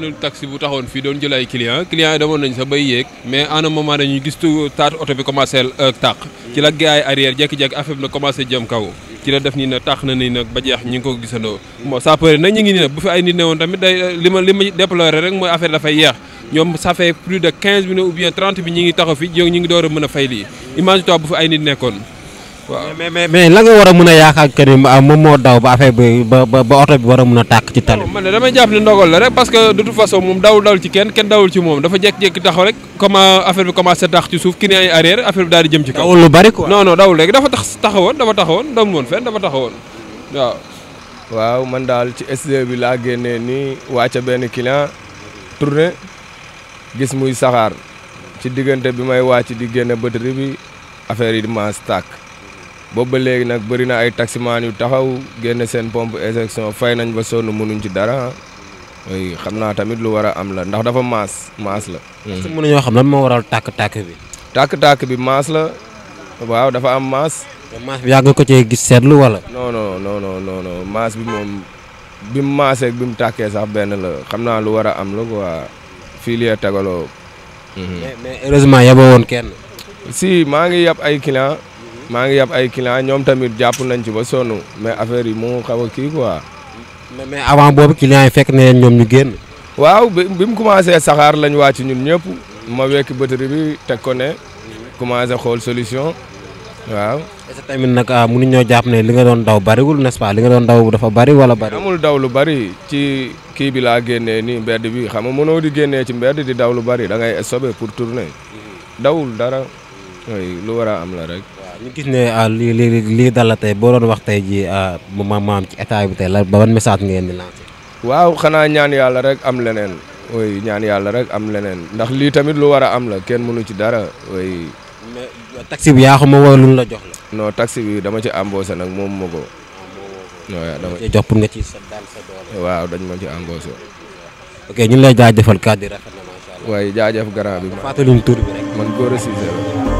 benn bu taxoon fii doon jël client client yi demoon nañ sax bay yéeg mais en un moment gis tu oto bi commencé euh, tàq ci la gaay arrière jékki-jékki affaire na commencé jëm kaw ci la def nii nag tàq na nii nag ba ñu ngi ko gisandoo moo nag ñu ngi nii nag bu fi ay nit ne woon tamit euh, li ma li ma mooy affaire dafay yeex ñoom ça plus de quinze minutes ou trente bi ñu ngi taxaw fi ñu ngi door a mën a fay lii waaw mais mais mais la nga war a mën a yaakaar que ni ah, moom moo daw a mën a tàkk ci tali. man damay jàpp ne ndogal la que de toute façon moom dawul dawul ci kenn kenn dawul ci moom dafa jékki-jékki taxaw rek comme ah, affaire bi commencé tax ci suuf ki ne ay arrière affaire bi daal di jëm ci kaw. dawul lu bari quoi non non dawul rek man daal ci SDE bi laa génnee ni wàcce benn client tourné gis muy saxaar ci diggante bi may wàcc di génne batterie bi affaire yi di maas tàkk. boobu ba léegi nag bëri na ay taximaan yu taxaw génn seen pompe injection fay nañ ba sonn mënuñ ci dara xam naa tamit lu war a am la ndax dafa maas maas la. est-ce que mën nañoo xam lan moo waral tàkk-tàkk bi. tàkk-tàkk bi maas la waaw dafa am maas. maas bi yàgg nga ko cee gis seetlu wala. non non non non maas bi moom bi mu maasee bi mu tàkkee sax benn la xam naa lu war a am la quoi fii liy tegaloo. mais heureusement yaboo woon kenn. si maa ngi yab ay clients. maa ngi yab ay client ñoom tamit jàpp nañ ci ba sonn mais affaire yi mu xaw a kii quoi. mais mais avant boobu client yi fekk ne ñoom ñu génn. waaw bi mu commencé saxaar lañu waa ci ñun ñëpp ma wekk batterie bi teg ko ne commencé xool solution waaw. est-ce que tamit nag ah, jàpp ne li nga doon daw bariwul n'est-ce li nga doon daw dafa bari wala bari. amul daw lu bari ci kii bi laa génnee nii mbedd bi xam nga mënoo di génnee ci mbedd di daw lu bari da ngay stoppé pour tourner mhm. dawul dara. lu war a am la rek. ñu gis ne ah, lii lii lii dal la tey boo doon wax tey jii ah, ma maam ci état bi tey la ba ban message ngeen di lancé. waaw xanaa ñaan yàlla rek am leneen. ñaan yàlla rek am leneen ndax lii tamit lu war a am la kenn mënu ci dara ooy. mais taxi bi la jox la. non taxi dama ci embauché nag moom ko. waaw ah, dama jox pour nga waaw dañ ma ci embauché. ñu lay jaajëfal kàddu yi rafet na macha allah. waaye jaajëf garab bi. fàttali ñu tur bi rek. man Gora Cissé